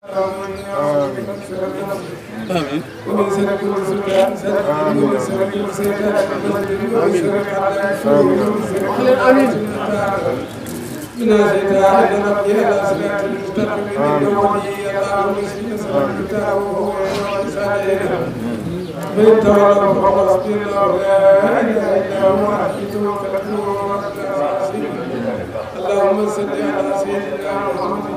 آمين آمين من هذه العالم إلى صراط المستقيم ولي الله مسلم صلاته وهو من تولى فقد أصبر الله لا إله إلا هو حفظه وكفره اللهم صل على سيدنا محمد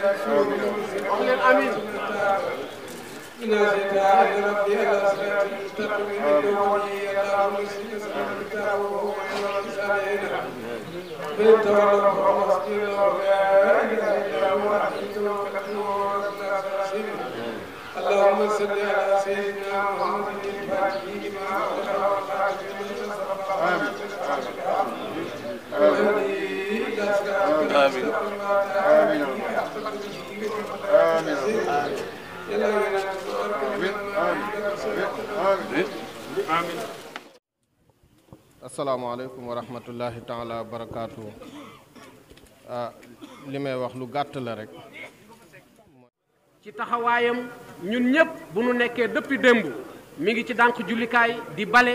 قول الأمين إنا زدنا ربي على صراط مستقيم من ولي الله مسجد الكتاب وهو خير الزارعين من تولوا فهو مسجد لا إله إلا هو الحي القيوم اللهم صل على سيدنا محمد الفاتح لما أغلق والخاتم لما سبق آمين آمين آمين آمين asalaamaaleykum wa rahmatullahi taala barakaatu ah, li may wax lu gàtt la rekk ci taxawaayam ñun ñëpp bu nu nekkee dëppi démb mu ngi ci dànk jullikaay di bale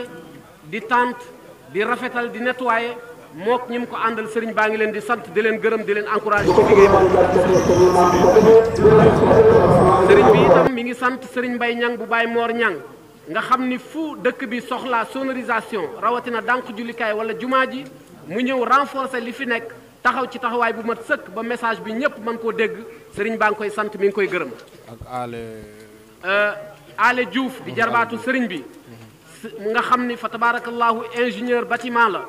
di tànt di rafetal di nettoyer. moo ñi mu ko àndal sëriñ baa ngi leen di sant di leen gërëm di leen encouragé ci liggéey bi sëriñ bi mi ngi sant sëriñ bay Ñang bu Baay Moor Ñang nga xam ni fu dëkk bi soxlaa sonorisation rawatina dànk jullikaay wala jumaa ji mu ñëw renforcer li fi nekk taxaw ci taxawaay bu mat sëkk ba message bi ñëpp mën koo dégg sëriñ baa ngi koy sant mi ngi koy gërëm ak aale euh, aale di jarbaatu sëriñ bi mhm. nga xam ni fa tabaarakallaahu ingénieur bâtiment la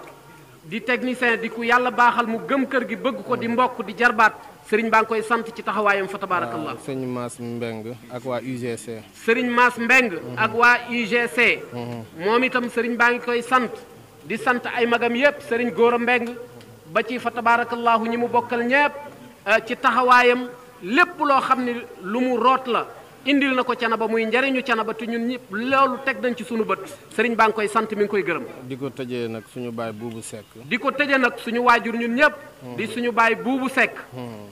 di technicien di ku yàlla baaxal mu gëm kër gi bëgg ko di mbokk di jarbaat sëriñ baa ngi koy sant ci taxawaayam fa tabaarakallah sëriñ Mass Mbeng ak waa UGC sëriñ Mbeng ak mhm. waa mhm. moom itam sëriñ baa ngi koy sant di sant ay magam yépp sëriñ Góora Mbeng ba ci fa tabaarakallahu ñi mu bokkal ñépp eh, ci taxawaayam lépp loo xam ne lu mu root la indil na ko canaba muy njariñu canaba te ñun ñëpp loolu teg nañ ci sunu bët sëriñ baa ngi koy sant mi ngi koy gërëm di ko tëjee nag suñu baay buubu sekk di ko tëjee nag suñu waajur ñun ñëpp hmm. di suñu baay buubu sekk hmm.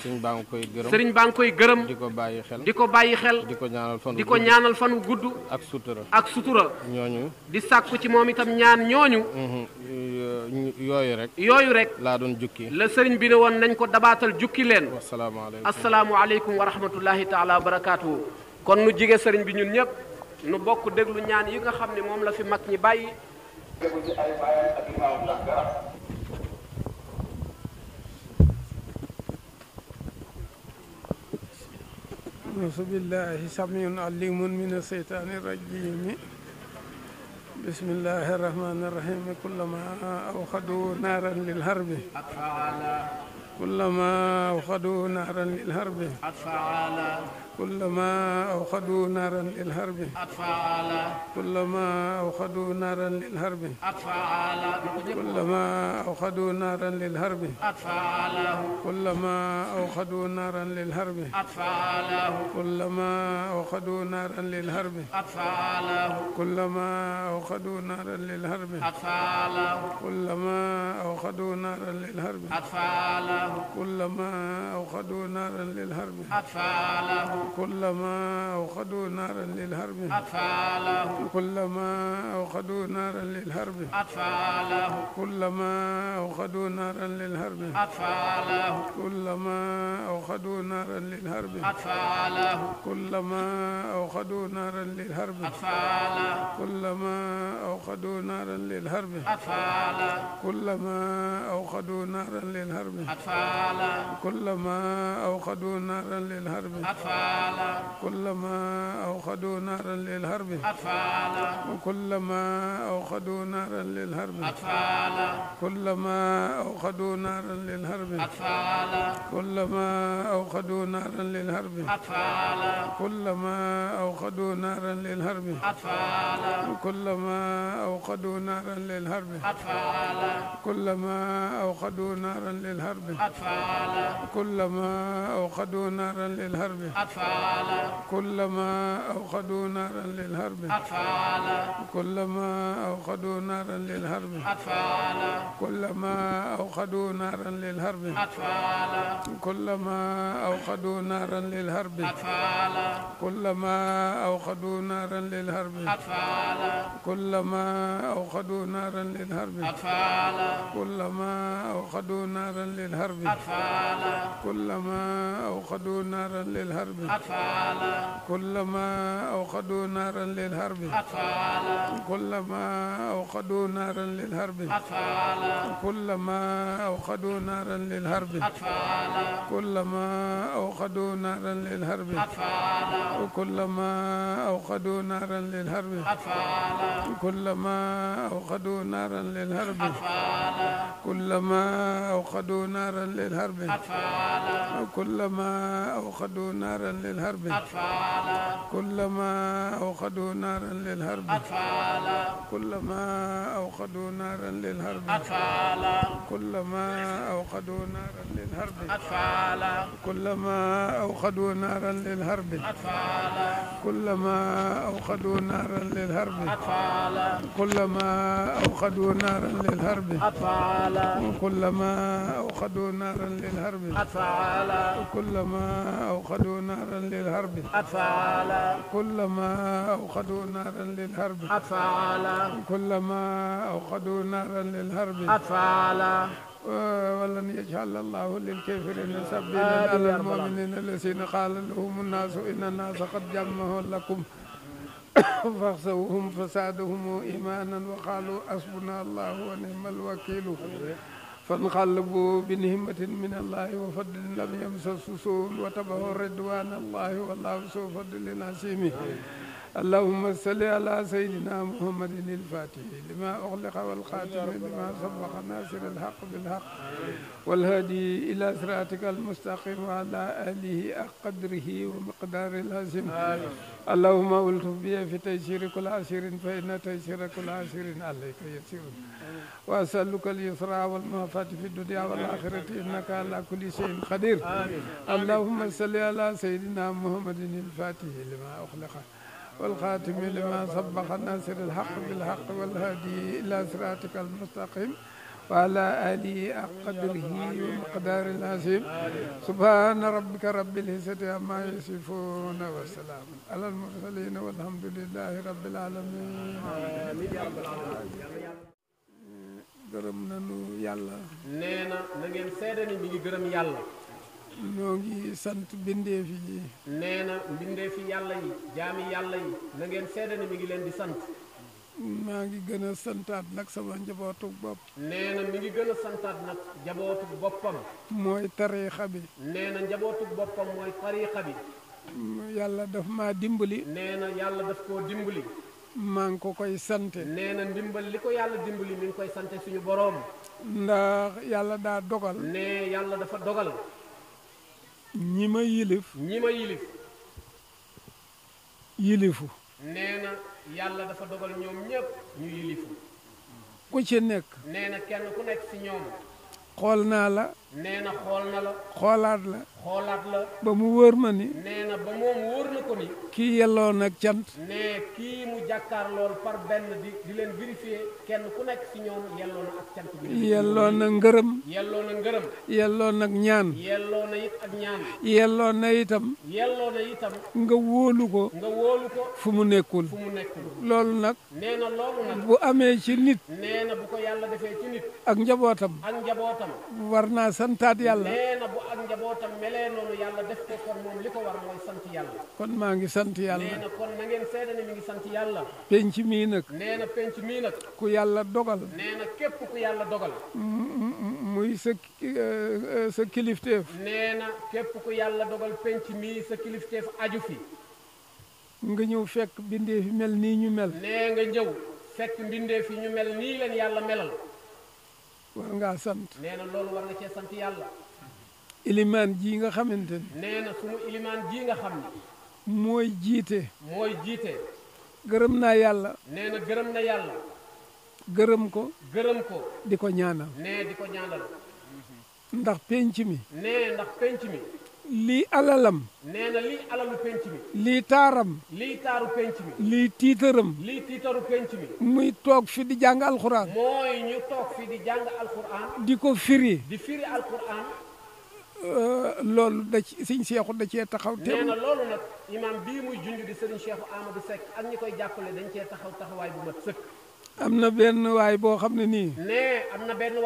sëriñ baa ngi koy gërëm ngi koy gërëm di ko bàyyi xel di ko bàyyi xel di ko ñaanal fan ñaanal fan wu gudd ak sutura ak sutura ñooñu di sàkku ci moom itam ñaan ñooñu hmm. yooyu rek. yooyu rek. laa doon jukki. la sëriñ bi ne woon nañ ko dabaatal jukki leen. asalaamaaleykum asalaamualeykum wa rahmatullahi taala wa barakaatu. kon nu jige sëriñ bi ñun ñëpp nu bokk déglu ñaan yi nga xam ne moom la fi mag ñi bàyyi. déglu ci ay baayam ak بسم الله الرحمن الرحيم كلما أوقدوا نارا للهرب كلما أوقدوا نارا للهرب أطفأ كلما أوقدوا نارا للهرب أطفأها كلما أوقدوا نارا للهرب أطفأها كلما أوقدوا نارا للهرب أطفأها كلما أوقدوا نارا للهرب أطفأها كلما أوقدوا نارا للهرب أطفأها كلما أوقدوا نارا للهرب أطفأها كلما أوقدوا نارا للهرب أطفأها كلما أوقدوا نارا للهرب أطفأها كلما أوقدوا نارا للهرب أطفاله كلما أوقدوا نارا للهرب أطفاله كلما أوقدوا نارا للهرب أطفاله كلما أوقدوا نارا للهرب أطفاله كلما أوقدوا نارا للهرب أطفاله كلما أوقدوا نارا للهرب أطفاله كلما أوقدوا نارا للهرب أطفاله كلما أوقدوا نارا للهرب أطفاله كلما أوخدوا نارا للهرب أطفالا وكلما أوخدوا نارا للهرب أطفالا كلما أوخدوا نارا للهرب أطفالا كلما أوخدوا نارا للهرب أطفالا كلما أوخدوا نارا للهرب أطفالا وكلما أوقدوا نارا للهرب أطفالا كلما أوقدوا نارا للهرب أطفالا كلما أوقدوا نارا للهرب أطفالا أطفالا كلما أوقدوا نارا للهرب أطفالا كلما أوقدوا نارا للهرب أطفالا كلما أوقدوا نارا للهرب أطفالا كلما أوقدوا نارا للهرب أطفالا كلما أوقدوا نارا للهرب أطفالا كلما أوقدوا نارا للهرب أطفالا كلما أوقدوا نارا للهرب أطفالا كلما أوقدوا نارا للهرب أطفالا كلما أوقدوا نارا للهرب أطفالا كلما أوقدوا نارا للهرب أطفالا كلما أوقدوا نارا للهرب أطفالا كلما أوقدوا نارا للهرب أطفالا كلما أوقدوا نارا للهرب أطفالا كلما أوقدوا نارا للهرب أطفالا كلما أوقدوا نارا للهرب أطفالا كلما أوقدوا نارا للهرب أطفالا كلما أوقدوا نارا للهرب أطفالا كلما أوقدوا نارا للهرب أطفالا كلما أوقدوا نارا للهرب أطفالا كلما أوقدوا نارا للهرب أطفالا كلما أوقدوا نارا للهرب أطفالا كلما أوقدوا نارا للهرب أطفالا كلما أوقدوا نارا للهرب أطفالا كلما أوقدوا نارا نارا للهرب أفعل كلما أوقدوا نارا للهرب أفعل كلما أوقدوا نارا للهرب أفعل آه، ولن يجعل الله للكافرين سبيلا آه، على المؤمنين الذين قال لهم الناس إن الناس قد جمعوا لكم فاخسوهم فسادهم إيمانا وقالوا حسبنا الله ونعم الوكيل فانقلبوا بنهمة من الله وفضل لم يمسسوا سوء وتبعوا رضوان الله والله سوء فضل عظيم اللهم صل على سيدنا محمد الفاتح لما أغلق والخاتم لما سبق ناصر الحق بالحق والهادي إلى صراطك المستقيم وعلى آله أقدره ومقدار الهزم اللهم ألتف بي في تيسير كل عسير فإن تيسير كل عسير عليك يسير وأسألك اليسرى والمعافاة في الدنيا والآخرة إنك على كل شيء قدير اللهم صل على سيدنا محمد الفاتح لما أغلق والخاتم لما سبق الناصر الحق بالحق والهادي إلى صراطك المستقيم وعلى آله قدره ومقدار العظيم سبحان ربك رب العزة عما يصفون وسلام على المرسلين والحمد لله رب العالمين gërëm nañu yàlla nee na na ngeen ni mi ngi gërëm yàlla noo ngi sant mbindeef yi. nee na mbindeef yi yàlla yi jaami yàlla yi na ngeen seede ne mi ngi leen di sant. maa ngi gën a santaat nag sama njabootu bopp. nee na mi ngi gën santaat nag njabootu boppam. mooy tariixa bi. nee na njabootu boppam mooy tariixa bi. yàlla daf maa dimbali. nee na yàlla daf koo dimbali. maa ngi ko koy sant. nee na ndimbal li ko yàlla dimbali mi ngi koy sante suñu boroom. ndax yàlla daa dogal. nee yàlla dafa dogal. ñi ma yilif ñi ma yilif yilifu nee na yàlla dafa dogal ñoom ñépp ñu yilifu ku ci nekk nee na kenn ku nekk ci ñoom xool naa la nee na xool na la. xoolaat la. xoolaat la. ba mu wër ma ni. nee na ba moom wóor na ko ni. kii yelloo nag cant. nee kii mu jàkkaar lool par benn di di leen vérifier kenn ku nekk si ñoom yelloo na ak cant bi. yelloo ngërëm. yelloo na ngërëm. yelloo nag ñaan. yelloo it ak ñaan. yelloo na itam. yelloo na nga wóolu ko. nga wóolu fu mu nekkul. fu mu nekkul loolu nag. nee na loolu bu amee ci nit. nee bu ko yàlla defee ci nit. ak njabootam. ak njabootam. war naa santaat yàlla. na bu ak njabootam melee noonu yàlla def ko kon moom li ko war mooy sant yàlla. kon maa ngi sant yàlla. nee kon na ngeen seede ne mi ngi sant yàlla. penc mii nag. nee na penc mii nag. ku yàlla dogal. nee na képp ku yàlla dogal. Mm, mm, mm, muy sa eh, eh, sa kilifteef. na képp ku yàlla dogal penc mii sa kilifteef aju fi. nga ñëw fekk mbindeef yi mel nii ñu mel. nee nga ñëw fekk mbindeef yi ñu mel nii leen yàlla melal. war ngaa sant. nee na loolu war na cee sant yàlla. ilimaan ji nga xamante ne. nee ilimaan ji nga xam ne. mooy jiite. mooy jiite. gërëm naa yàlla. nee na gërëm na yàlla. gërëm ko. gërëm ko. di ko ñaanal. nee di ko ñaanal. ndax penc mi. nee ndax penc mi. li alalam. nee na lii alalu penc mi. lii taaram. lii taaru penc mi. lii tiitaram. lii tiitaru penc mi. muy toog fi di jàng alxuraan. mooy ñu toog fi di jàng alxuraan. di ko firi. di firi alxuraan. Euh, loolu da ci sëñ Seexu da cee taxaw. te nee na loolu nag imaam muy junj di sëriñ Seexu Amadou sek, ak ñi koy dañ cee taxaw taxawaay bu mat sëkk. am na benn waay boo ne nee am na benn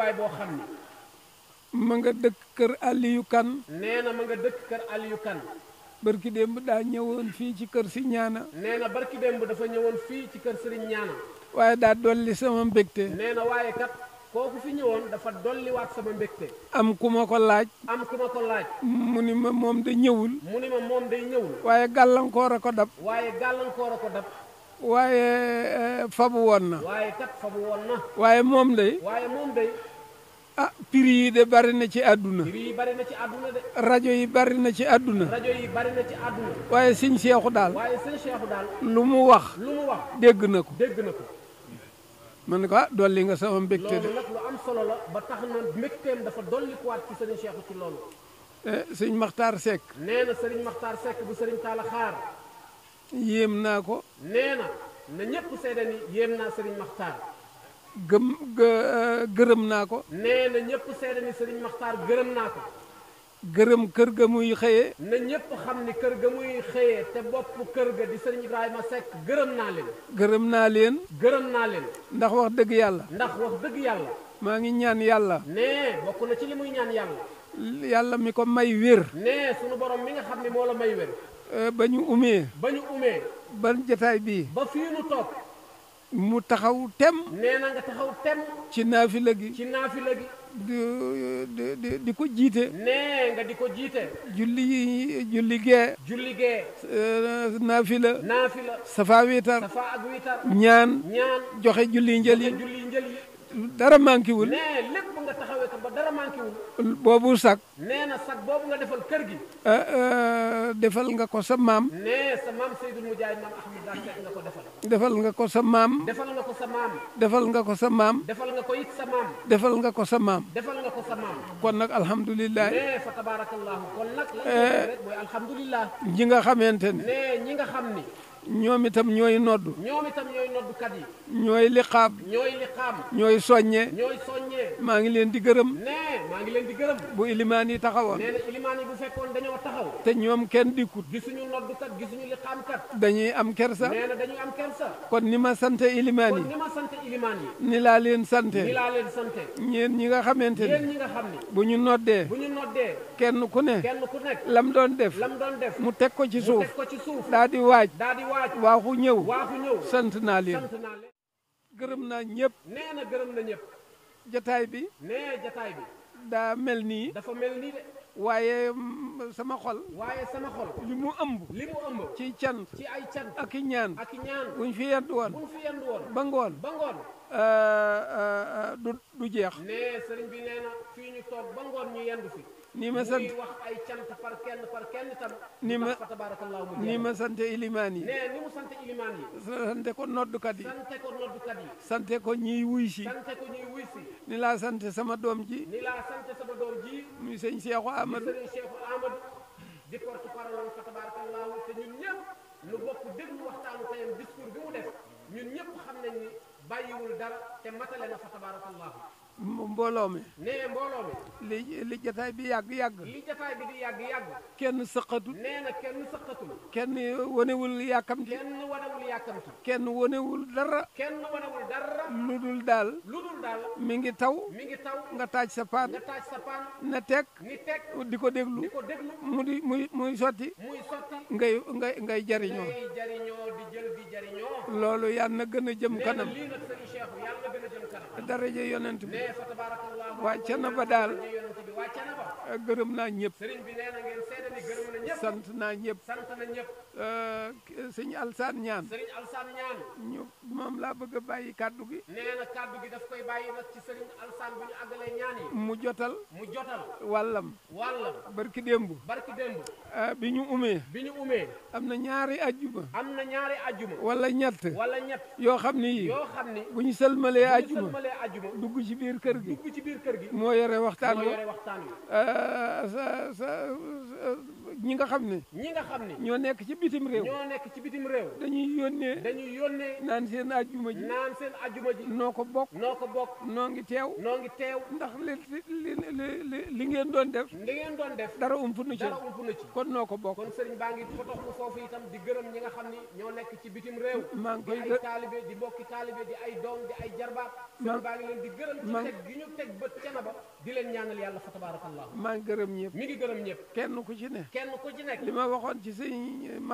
ma nga dëkk kër Aliou Kan nee na ma nga dëkk kër Aliou Kan barki démb daa ñëwoon fii ci kër si ñaana nee na barki démb dafa ñëwoon fii ci kër si ñaana waaye daa dolli sama mbégte nee na waaye kat kooku fi ñëwoon dafa waat sama mbégte am ku ma ko laaj am ku ma ko laaj mu ni ma moom da ñëwul mu ni ma moom day ñëwul waaye gàllankoor a ko dab waaye gàllankoor a ko dab waaye eh, fabu woon na waaye kat fabu woon na waaye moom day waaye moom day ah prix yi de bari na ci àdduna. prix bari na ci àdduna rajo yi bari na ci àdduna. rajo yi bari na ci àdduna. waaye sëñ Seexu daal. waaye sëñ Seexu daal. lu mu wax. lu mu wax dégg na ko. dégg na ko. man ne ko ah dolli nga sama mbégte de. loolu nag lu la ba tax na mbégteem dafa dolli kuwaat ci sëriñ eh, sëñ Maxtaar Seck. nee na sëriñ maxtar Seck bu sëriñ Talla Xaar. yéem naa ko. nee na na ñëpp seede ni yéem naa sëriñ Maxtaar. gëm gërëm naa ko. nee na ñëpp seede ni sëriñ Maxtaar gërëm naa ko. gërëm kër ga muy xëye na ñëpp xam ni kër ga muy xëyee te bopp kër ga di sëriñ Ibrahima Seck gërëm naa leen. gërëm naa leen. gërëm naa leen. ndax wax dëgg yàlla. ndax wax dëgg yàlla. maa ngi ñaan yàlla. nee bokk na ci li muy ñaan yàlla. yàlla mi ko may wér. nee sunu borom mi nga xam ne moo la may wér. ba ñu umee. ba ñu umee. ba jataay bii. ba fii toog. mu taxaw tem. neena nga taxaw tem. ci nafila gi. ci nafila gi. di di di ko jité nee nga di ko jité julli julli ge julli gee. Eh, nafila nafila safa witar safa ak witar ñaan. ñaan joxe julli njëli. yi julli yi dara manki wul. nee lepp nga taxawé ko ba dara manki wul. bobu sak nee sak bobu nga defal kër gi. Eh, eh, defal nga ko sa mam nee sa mam Seydou Moudiaye mam Ahmed Dassé nga ko defal. defal nga ko sa maam. defal nga ko sa maam. defal nga ko sa maam. defal nga ko it sa maam. defal nga ko sa maam. defal nga ko sa kon nag alhamdulilah. nee fa tabarakallahu kon nag. Eh, mooy alhamdulilah. ñi nga xamante ne. nee ñi nga xam ni. ñoom itam ñooy noddu. ñoom itam ñooy noddukat yi. ñooy liqaab. ñooy liqaab. ñooy soññe. ñooy soññe. maa ngi leen di gërëm. nee maa leen di gërëm. bu ilimaan yi taxawoon. yi bu te ñoom kenn dikkut. am kat. dañuy am kersa. kon ni ma sant ilimaan yi. kon ni ma sant ilimaan yi. ni laa leen sante. ni laa sante. ñeen ñi nga xamante ne. ñeen nga xam ne. bu ñu noddee. bu ñu noddee. kenn ku ne. kenn ku nekk. lam doon def. lam doon def mu teg ko ci suuf. ko ci suuf. daa di waaj. daa di waaj waaxu ñëw. waaxu ñëw sant naa leen. sant naa leen. gërëm naa ñëpp. nee na gërëm na ñëpp. jataay bi. daa mel nii. waaye mm, sama xol. waaye sama xol. li mu ëmb. li mu ëmb. ci cant. ci ay cant ak i ñaan. ak i ñaan buñ fi yendu woon. buñ fi yendu woon. ba ngoon. ba ngoon. Euh, euh, euh, du du jeex. nee sëriñ bi nee na fii ñu toog ba ngoon ñu yendu fi. nii ma sant wax ay cant par kenn par kenn tam ni ma ni ma sant ilimaan yi nee ni mu sant ilimaan yi sante ko noddukat yi sante ko noddukat ko ñiy wuy si ko ñiy wuy si ni laa sant sama doom ji ni laa sant sama doom ji muy sëñ Cheikhou Amadou muy sëñ Cheikhou Amadou di porte parole fa tabarakallahu te ñun ñëpp lu bokk déglu waxtaanu tayam discours bi mu def ñun ñëpp xam nañ ni bàyyiwul dara te matale na fa tabarakallahu mbooloo mi. nee mbooloo mi. li li jataay bi yàgg yàgg. li bi di yàgg yàgg. kenn sëqatu nee na kenn sëqatul. kenn wanewul yàkkamti. kenn wanewul yàkkamti. kenn wanewul dara. kenn wanewul dara. lu dul daal. lu dul daal. mi ngi taw. mi ngi taw nga taaj sa paan. taaj sa paan. na teg. ni teg di ko déglu. ko déglu mu di muy muy sotti. muy sotti. ngay nga ngay jariñoo. ngay jariñoo di jël di jariñoo. loolu yàlla na gën a jëm kanam. nee daraja yonent bi wàcce na ba daal gërëm naa ñëpp sant naa ñëpp sëñ Alsaan ñaan sëriñ Alsaan ñaan ñu moom laa bëgg a bàyyi gi nee na gi daf koy ci bu ñu ñaan yi mu jotal mu jotal wàllam wàllam barki barki ah, am ñaari am ñaari wala ñett wala ñett yo xam ne yii yoo xam ne bu ñu sëlmalee ajjuma dugg ci biir kër gi dugg ci biir kër gi moo yore waxtaan wi moo waxtaan ah, sa sa ñi nga ñi nga nekk ci bitim réew. ñoo nekk ci bitim réew. dañuy yónnee. dañuy yónnee. naan seen ajjuma ji. naan seen ajjuma ji. noo ko bokk. noo ko bokk. noo ngi teew. noo ngi teew. ndax li li li li ngeen doon def. li ngeen doon def. dara umpu nu ci. dara nu ci. kon noo ko bokk. kon sëriñ baa ngi fotox lu foofu itam di gërëm ñi nga xam ni ñoo nekk ci bitim réew. maa ngi koy di ay taalibe di bokki taalibe di ay doom di ay jarbaat. sëriñ baa ngi leen di gërëm. ci teg gi ñu teg ba cana ba di leen ñaanal yàlla fa tabaarakallah. maa ngi gërëm ñëpp. mi ngi gërëm ñëpp.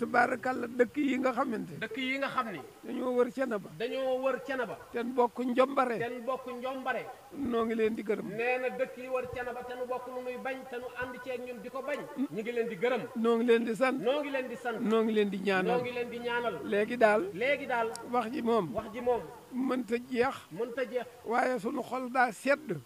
tubaarakàlla dëkk yi nga xamante dëkk yi nga xam ni dañoo wër cene ba dañoo wër cene ba ten bokk njombare ten bokk njombare noo ngi leen di gërëm nee na dëkk yi wër cene ba te bokk lu nuy bañ te nu ànd ceeg ñun bañ ñu ngi leen di gërëm noo ngi leen di sant noo ngi leen di sant noo ngi leen di ñaanal noo leen di ñaanal léegi daal léegi daal wax ji moom wax ji moom mënta jeex mënta jeex waaye sunu xol daal sedd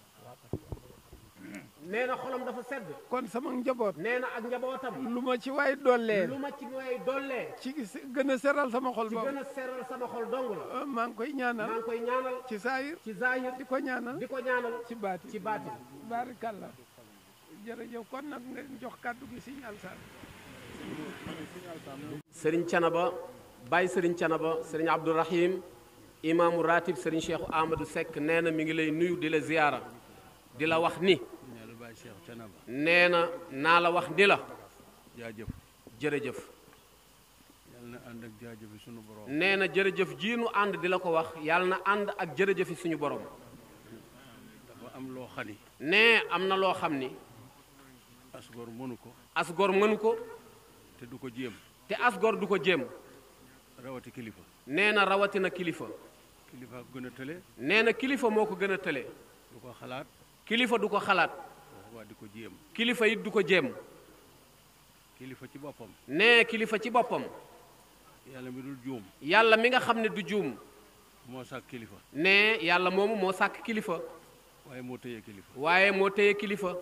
nee na xolam dafa sedd. kon sama njaboot. nee na ak njabootam. lu ma ci waay dollee. lu ma ci waay dollee. ci gën a seral sama xol boobu. ci gën a seral sama xol dong la. maa ngi koy ñaanal. maa ngi koy ñaanal. ci saayir. ci saayir di ñaanal. di ñaanal ci baati. ci baati. barikalla jërëjëf kon nag nga jox kàddu gi Sëriñ Alsaan. Sëriñ Canaba Baye Sëriñ Canaba Sëriñ Abdou Rahim imaamu ratib Sëriñ Cheikh Amadou Seck nee mi ngi lay nuyu di la ziyaara di la wax ni. nee na naa la wax ni la. jaajëf jërëjëf. yal na ànd ak jaajëfi suñu borom. nee na jërëjëf jii nu ànd di la ko wax yal na ànd ak jërëjëfi suñu borom. dafa am loo xam nee am na loo xam ni. asgor mënu ko. asgor mënu ko. te du ko jéem. te asgor du ko jéem. rawati kilifa. nee na rawatina kilifa. kilifa gën a tële. nee na kilifa moo ko gën a tële. du ko xalaat. kilifa du ko xalaat. waa di ko jéem. kilifa it du ko jéem. kilifa ci boppam. nee kilifa ci boppam. yàlla mi dul juum. yàlla mi nga xam ne du juum. moo sàkk kilifa. nee yàlla moomu moo sàkk kilifa. waaye moo téye kilifa. waaye moo téye kilifa.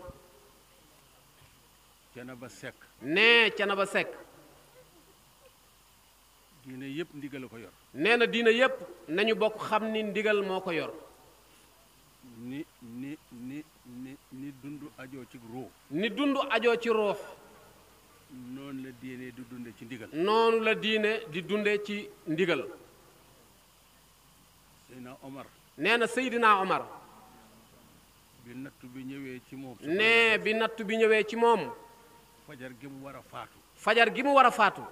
cana ba sekk. nee cana ba sekk. diine yëpp ndigal ko yor. nee na diine yëpp nañu bokk xam ni ndigal moo ko yor. dund ajoo ci dund ajoo ci ruux. noonu la diine di dunde ci ndigal. noonu la diine di dunde ci ndigal. Seydina Omar. nee na Seydina Omar. bi natt bi ñëwee ci moom. nee bi natt bi ñëwee ci moom. fajar gi mu war a faatu. gi mu war a faatu.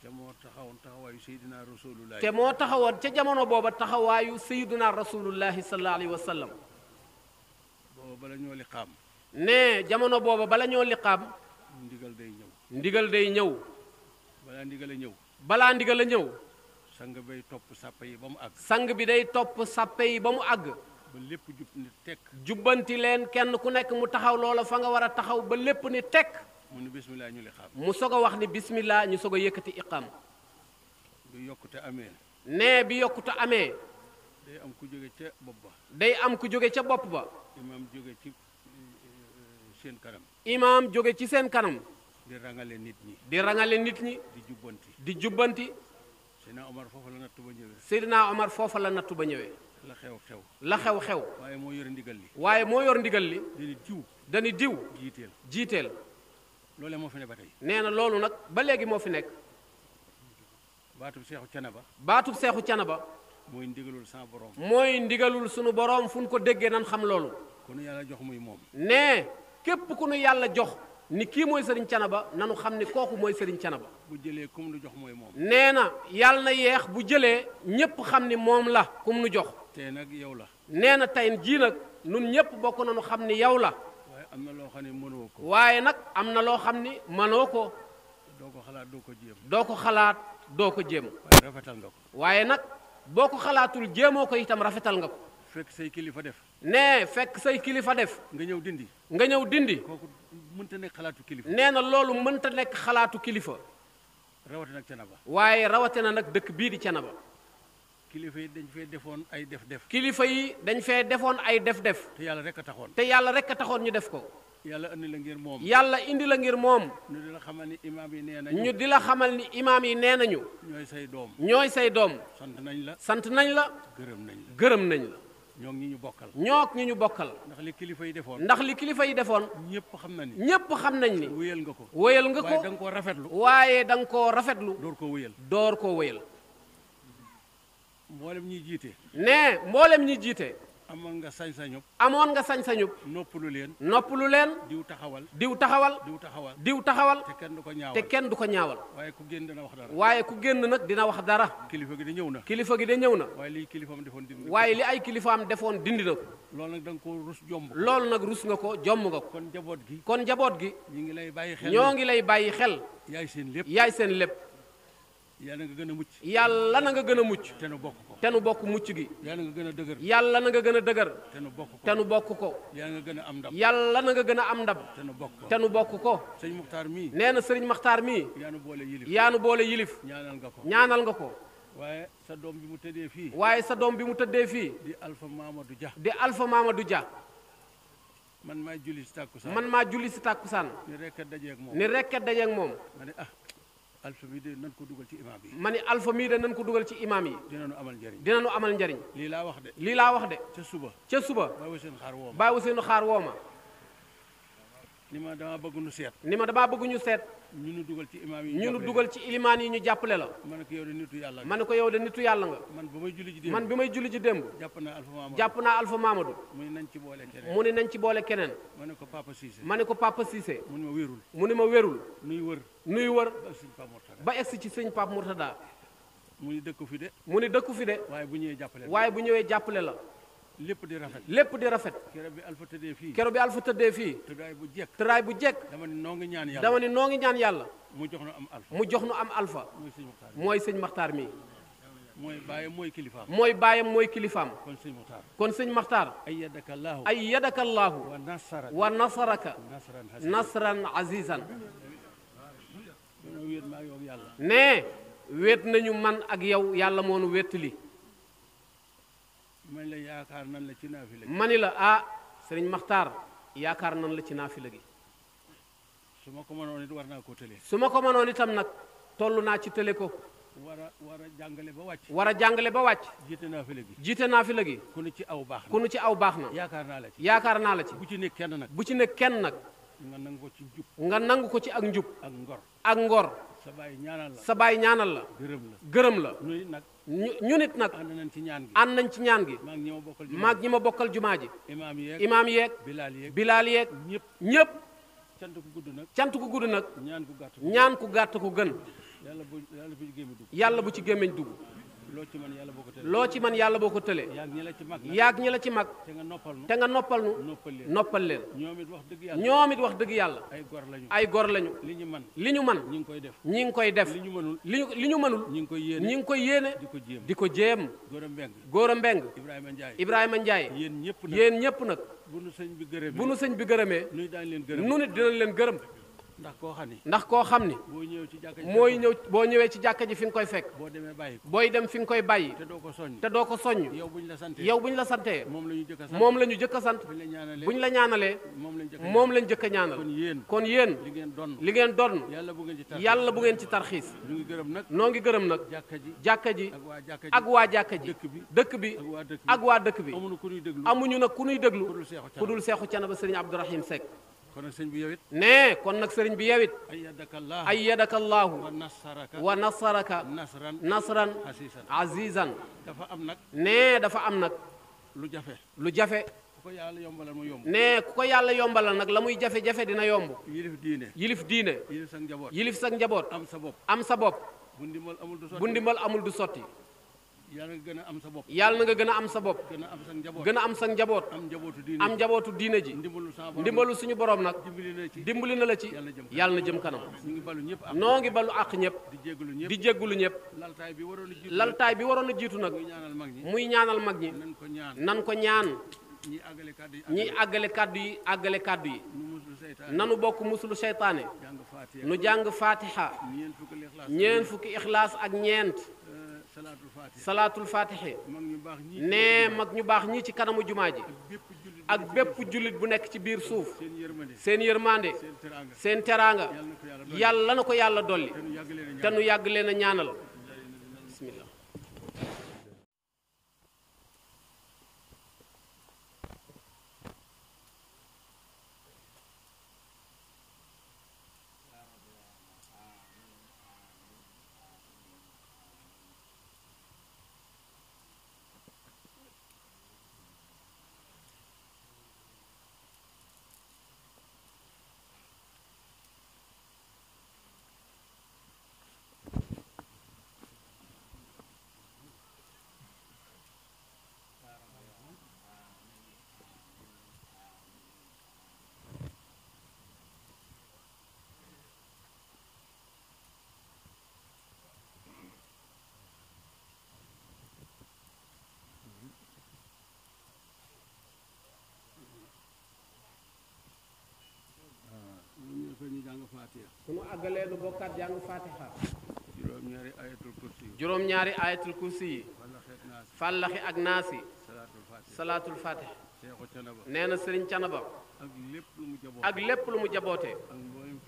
te moo taxawoon taxawaayu Seydina Rasulullahi. te moo taxawoon ca jamono booba taxawaayu Seydina Rasulullahi sallallahu alayhi wa sallam. bala ñoo liqaam. nee jamono booba bala ñoo liqaam. ndigal day ñëw. ndigal day ñëw. balaa ndigal a ñëw. balaa ndigal a ñëw. sang bay topp sàppe yi ba mu àgg. sang bi day topp sàppe yi ba mu àgg. ba lépp jub ni tekk. jubbanti leen kenn ku nekk mu taxaw loola fa nga war a taxaw ba lépp ni tekk. mu ni bismillah ñu liqaam. mu soog a wax ni bismillah ñu soog a yëkkati iqaam. bi yokkute amee. nee bi yokkute amee. day am ku jóge ca bopp ba. day am ku jóge ca bopp ba. imaam jóge ci eh, seen kanam. imaam jóge ci seen kanam. di rangale nit ñi. di rangale nit ñi. di jubbanti. di jubbanti. Seydina Omar foofa la nattu ba ñëwee. Seydina Omar foofa la nattu ba ñëwee. la xew xew. la xew xew. waaye moo yor ndigal li. waaye moo yor ndigal li. dañuy diw. dañuy diw. jiiteel jiiteel. loolee moo fi ne ba tey. nee na loolu nag ba léegi moo fi nekk. baatub seexu canaba. baatub seexu ba mooy ndigalul sa borom. mooy ndigalul sunu borom fu ñu ko déggee nan xam loolu. ku nu yàlla jox muy moom. nee képp ku nu yàlla jox. ni kii mooy Serigne Thiénaba nanu xam ni kooku mooy Serigne Thiénaba. bu jëlee kum nu jox mooy moom. nee na yàlla na yeex bu jëlee ñëpp xam ni moom la kum nu jox. tey nag yow la. nee na tey jii nag nun ñëpp bokk nañu xam ni yow la. waaye am na loo xam ne mënoo ko. waaye nag am na loo xam ni mënoo ko. doo ko xalaat doo ko jéem. doo ko xalaat doo ko jéem. boo ko xalaatul jéemoo ko itam rafetal nga ko. say kilifa def. nee fekk say kilifa def. nga ñëw dindi. nga ñëw dindi. kooku mënta nekk xalaatu kilifa. nee na loolu mënta nekk xalaatu kilifa. rawatina ak waaye rawatina nag dëkk bii di Thiénaba. kilifa yi dañ fee defoon ay def-def. kilifa yi dañ fee defoon ay def-def. te yàlla rek a taxoon. te yàlla rek a taxoon ñu def ko. yàlla indi la ngir moom. yàlla indi la ngir moom. ñu di la xamal ni imaam yi nee nañu. ñu di la xamal ni imaam yi nee nañu. ñooy say doom. ñooy say doom. sant nañ la. sant nañ la. gërëm nañ la gërëm nañ la. ñoo ñi ñu bokkal. ñoo ñi ñu bokkal. ndax li kilifa yi defoon. ndax li kilifa yi defoon. ñëpp xam nañ ni. ñëpp xam nañ ni. wéyal nga ko. wéyal nga ko waaye da nga koo rafetlu. waaye danga nga koo rafetlu. door ko wéyal. door koo wéyal. mboolem ñi jiite. nee mboolem ñi jiite. amoon nga sañ-sañub. amoon nga sañ-sañub. noppalu leen. noppalu leen. diw taxawal. diw taxawal. diw taxawal. diw taxawal. te kenn du ko ñaawal kenn du ko ñaawal. waaye ku génn dina wax waaye ku génn nag dina wax dara. kilifa gi da ñëw na. kilifa gi da ñëw na. waaye li kilifaam defoon dindi na waaye li ay kilifaam defoon dindi ko. loolu nag da koo rus jomb. lool nag rus nga ko jomb nga ko. kon njaboot gi. kon njaboot gi. ñi ngi lay bàyyi xel ñoo ngi lay bàyyi xel. yaay seen lépp yaay seen lépp. yàlla na nga gën a mucc. yàlla na nga gën a mucc. te bokk te nu bokk mucc gi. yàlla na nga gën a dëgër. yàlla na gën a dëgër. te nu bokk ko bokk ko. yàlla na nga gën a am ndam. yàlla na nga gën a am ndam. te nu bokk ko te nu bokk ko. sëñ Maxtaar mii. nee na sëriñ Maxtaar mii. yaa boole yilif yaa nu boole yilif. ñaanal nga ko ñaanal nga ko. waaye sa doom bi mu tëddee fii. waaye sa doom bi mu tëddee fii. di Alpha Mamadou Dia. di Alpha Mamadou Dia. man maa julli man maa julli si tàkkusaan. ni rekk dajeeg moom ni rekk alfa mii de nan ko dugal ci imaam yi. ma ne alfa mii de nan ko dugal ci imaam yi. dinañu amal njariñ dinañu amal njariñ. lii laa wax de. lii laa wax de. ca suba ca suba. bàyyi wu seen xaar wooma bàyyi xaar wooma. ni ma damaa bëgg ñu seet. ni ma damaa bëgg ñu seet. ñu nu dugal ci imaam yi ñu dugal ci ilimaan yi ñu jàppale la ma ne ko yow de nitu yàlla yow de nitu yàlla nga man bi may julli ji démb man bi may julli ji démb jàpp naa alfa mamadou jàpp naa alfa mamadou mu ne nañ ci boole keneen mu ne nañ ci boole ma ne ko papa Cissé ma ne ko papa Cissé mu ne ma wérul mu ne ma wérul nuy wër nuy wër ba egsi ci sëñ Pape Mourtada mu ni dëkku fi de mu ni dëkk fi de waaye bu ñëwee jàppale waaye bu ñëwee jàppale la lépp di rafet lépp di rafet. bi alfa tëddee fii. keroog bi bu jekk tëraay bu jekk. dama ni noo ñaan yàlla mu jox nu am alfa mu jox nu am alfa. mooy sëñ Maxtaar mi mooy baayam mooy kilifaam. mooy baayam mooy kilifaam. kon sëñ Maxtaar. kon ay yadaka wa nasaraka wa nasaraka. nasran nee wéet nañu man ak yow yàlla moo nu wéttali. man la yaakaar nan la ci naafila gi ma ni la ah sëriñ Maxtaar yaakaar nan la ci naafila gi su ma ko mënoon it war naa koo tële su ma ko mënoon itam nag toll naa ci tële ko war a war a jàngale ba wàcc war a jàngale ba wàcc jiite naafila gi jiite naafila gi ku nu ci aw baax na ku nu ci aw baax na yaakaar naa la ci yaakaar naa la ci bu ci nekk kenn nag bu ci nekk kenn nag nga nangu ko ci njub nga nangu ko ci ak njub ak ngor ak ngor sa baay ñaanal la sa baay ñaanal la gërëm la gërëm la nuy nag ñu nit nag ànd nañ ci ñaan gi ànd nañ ci ñaan gi maag ñi ma bokkal jumaa ji imaam yeeg imaam yeeg bilaal yeeg ñëpp cant ku gudd nag cant ku gudd nag ñaan ku gàtt ku gën yàlla bu ci gémmiñ dugg loo ci man yàlla boo ko tële. loo ci man yàlla boo ko tële. yaag la ci mag yaag ñi la ci mag. te nga noppal nu te nga noppal nu. noppal leen noppal ñoom it wax dëgg yàlla ñoom it wax dëgg yàlla. ay gor lañu ay gor lañu. li ñu man li ñu man. ñi ngi koy def ñi ngi koy def. li ñu mënul li ñu li ñu mënul. ñi ngi koy yéene ñi ngi koy yéene. di ko jéem di ko jéem. Gora Mbeng Gora Ibrahima Ndiaye Ibrahima Ndiaye. yéen ñëpp nag ñëpp nag. bu nu sëñ bi gërëmee bu nu sëñ bi gërëmee. nu dinañ leen gërëm ndax koo xam ni ndax koo xam ni mooy ñëw boo ñëwee ci jàkka ji fi nga koy fekk booy dem fi nga koy bàyyi te doo ko soññ yow bu ñu la santee moom la ñu jëkk a sant bu ñu la ñaanalee moom lañ jëkk a ñaanal kon yéen li ngeen donn yàlla bu ngeen ci tarxiis noo ngi gërëm nag jàkka ji ak waa jàkka ji dëkk bi ak waa dëkk bi amuñu nag ku nuy déglu ku dul seexu cana ba sëriñ Abdourahim Seck kon nag sëriñ bi yow it. nee kon nag sëriñ bi yow it. ayyadaka allahu wa nasaraka nasran azizan dafa am nag. nee dafa am nag. lu jafe lu jafe. ku ko yàlla yombalal mu yomb. nee ku ko yàlla yombala nag la muy jafe-jafe dina yomb. yilif diine yilif diine. sa njaboot yilif sa njaboot. am sa bopp am sa bopp. amul du sotti. yàlla nga gën a am sa bopp. yàlla nga gën a am sa bopp. gën a am sa njaboot a am sa njaboot. am njabootu diine am njabootu diine ji. ndimbalu suñu borom nag. dimbali na la ci yàlla na jëm kanam. noo ngi balu àq ñëpp. di jégalu ñëpp di jégalu ñëpp. laltaay bi waroon a jiitu laltaay bi waroon a jiitu nag. muy ñaanal mag ñi. nan ko ñaan. ñiy àggale kàddu yi àggale kàddu yi àggale kàddu yi. nanu bokk musulu seytaane. nu jàng faatiha. ñeent fukki ixlaas ak ñeent salaatul faatixe nee mag ñu baax ñii ci kanamu jumaa ji ak bépp jullit bu nekk ci biir suuf seen yërmande seen teraanga yàlla na ko yàlla dolli te nu yàgg leen a ñaanal àggalee nu bokkaat jàng fatiha juróom-ñaari ayatul kursi yi. fàllaxi ak naasi. salaatul fatiha salaatul fatiha. nee na sëriñ canaba. ak lépp lu mu jaboote ak lépp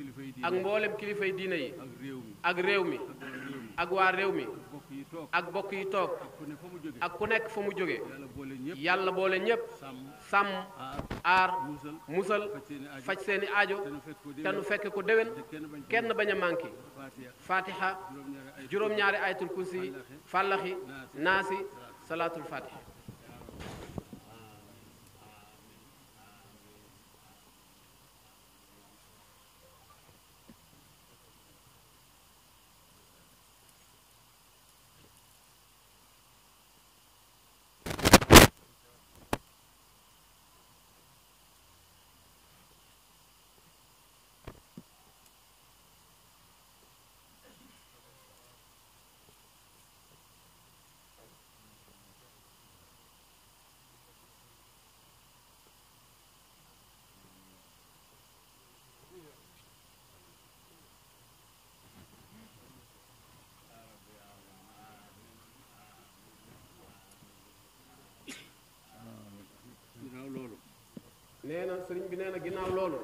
lu mu ak mboolem kilifa yi diine yi. ak réew mi ak waa réew mi. ak bokk yi toog. ak ku nekk fa mu jóge yàlla boole ñëpp. sàmm aar musal faj seeni aajo te nu fekk ko déwén kenn bañ a manqué fatiha juróom-ñaari ayatul kursi fallaxi naasi salaatul fatiha nee na sëriñ bi nee na ginnaaw loolu.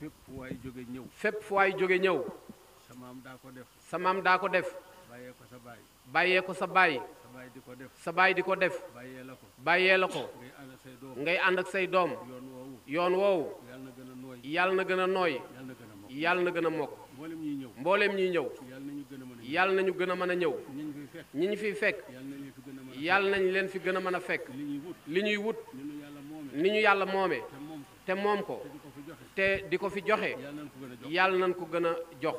fépp fu waay jóge ñëw. fépp fu jóge ñëw. sa maam daa ko def. sa maam daa ko def. bàyyee ko sa baay. ko sa baay. sa di ko def. sa baay di ko def. bàyyee la ko. bàyyee la ko. ngay ànd ak say doom. ngay ànd ak say doom. yoon woowu. yoon woowu. yàlla na gën a nooy. yàlla na gën a nooy. yàlla na gën a mokk. mboolem ñuy ñëw. mboolem ñuy ñëw. yàlla na ñu gën a mën a ñëw. ñi ñu fiy fekk. yàlla nañ leen fi gën a mën a fekk. li ñuy wut. ni ñu yàlla moomee. te moom ko te di ko fi joxe yàlla nañ ko gën a jox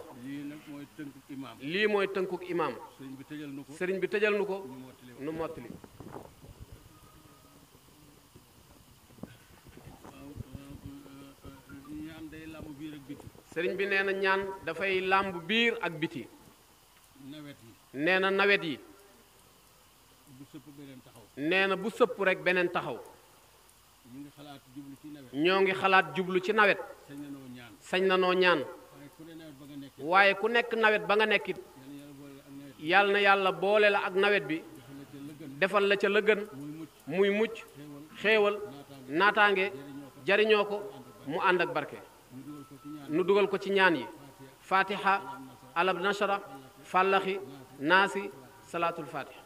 lii mooy tënkuk imaam sëriñ bi tëjal nu ko nu mottali sëriñ bi nee na ñaan dafay làmb biir ak biti nee na nawet yi nee na bu sëpp rek beneen taxaw ñoo ngi xalaat jublu ci nawet sañ na noo ñaan waaye ku nekk nawet ba nga nekkit yàlla na yàlla boole la ak nawet bi defal la ca la gën muy mucc xéewal naataange jariñoo ko mu ànd ak barke nu dugal ko ci ñaan yi fatiha alab nashara fallaxi naasi salaatul fatiha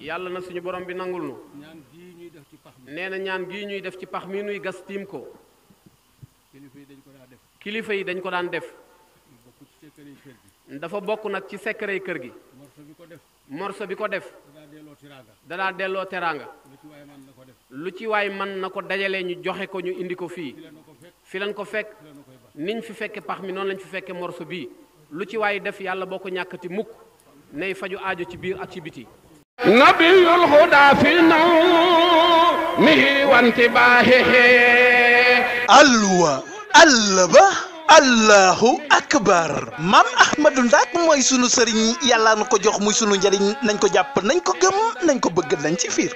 yàlla na suñu borom bi nangul nu nee na ñaan gii ñuy def ci pax mi nuy gas tiim ko kilifa yi dañ ko daan def dafa bokk nag ci secret kër gi morso bi ko def danaa delloo teraanga lu ci waay man na ko dajale ñu joxe ko ñu indi ko fii fi ko fekk niñ fi fekke pax mi noonu lañ fi fekke morso bii lu ci waay def yàlla boo ko ñàkkati mukk nay faju ajo ci biir ak ci biti nabiyul huda fi naw mihi wanti baahihi alwa allaba allahu akbar maam ahmadou ndak mooy sunu sëriñ yàlla na ko jox muy sunu njëriñ nañ ko jàpp nañ ko gëm nañ ko bëgg nañ ci fiir